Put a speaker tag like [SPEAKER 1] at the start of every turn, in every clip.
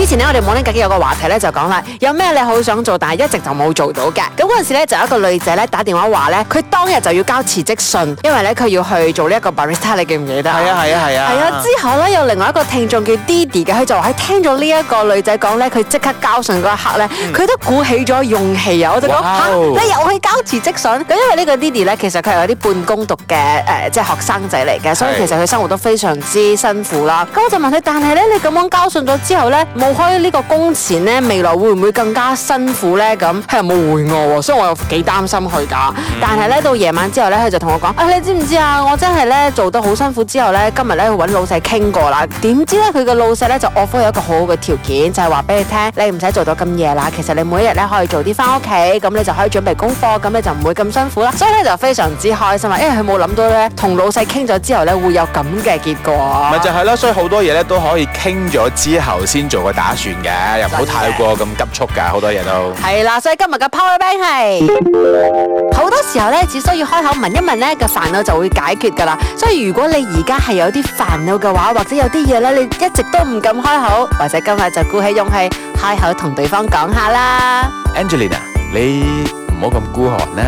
[SPEAKER 1] 之前呢，我哋冇拎隔有，緊有個話題咧，就講啦，有咩你好想做，但係一直就冇做到嘅。咁嗰陣時咧，就有一個女仔咧打電話話咧，佢當日就要交辭職信，因為咧佢要去做呢一個 barista，你記唔記得？係啊係啊係啊。係啊，啊，啊，之後咧有另外一個聽眾叫 Didi 嘅，佢就話喺聽咗呢一個女仔講咧，佢即刻交信嗰一刻咧，佢、嗯、都鼓起咗勇氣啊！我就講、啊、你又去交辭職信？咁因為呢個 Didi 咧，其實佢係有啲半工讀嘅誒、呃，即係學生仔嚟嘅，所以其實佢生活都非常之辛苦啦。咁我就問佢，但係咧，你咁樣交信咗之後咧，開呢個工錢咧，未來會唔會更加辛苦咧？咁係，冇我喎，所以我又幾擔心佢噶、嗯。但係咧到夜晚之後咧，佢就同我講：，啊、哎、你知唔知啊？我真係咧做得好辛苦之後咧，今日咧去搵老細傾過啦。點知咧佢嘅老細咧就 offer 有一個好好嘅條件，就係話俾你聽，你唔使做到咁夜啦。其實你每一日咧可以做啲翻屋企，咁你就可以準備功課，咁你就唔會咁辛苦啦。所以咧就非常之開心啊，因為佢冇諗到咧同老細傾咗之後咧會有咁嘅結果。咪就係咯，所以好多嘢咧都可以傾咗之後先做。打算嘅，又唔好太過咁急促噶，好多嘢都係啦。所以今日嘅 Power Bank 係好多時候咧，只需要開口問一問咧，個煩惱就會解決噶啦。所以如果你而家係有啲煩惱嘅話，或者有啲嘢咧，你一直都唔敢開口，或者今日就鼓起勇氣開口同對方講下啦。Angelina，你唔好咁孤寒啦。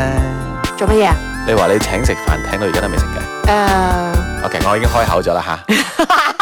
[SPEAKER 1] 做乜嘢啊？你話你請食飯，請到而家都未食噶。誒、uh...，OK，我已經開口咗啦吓。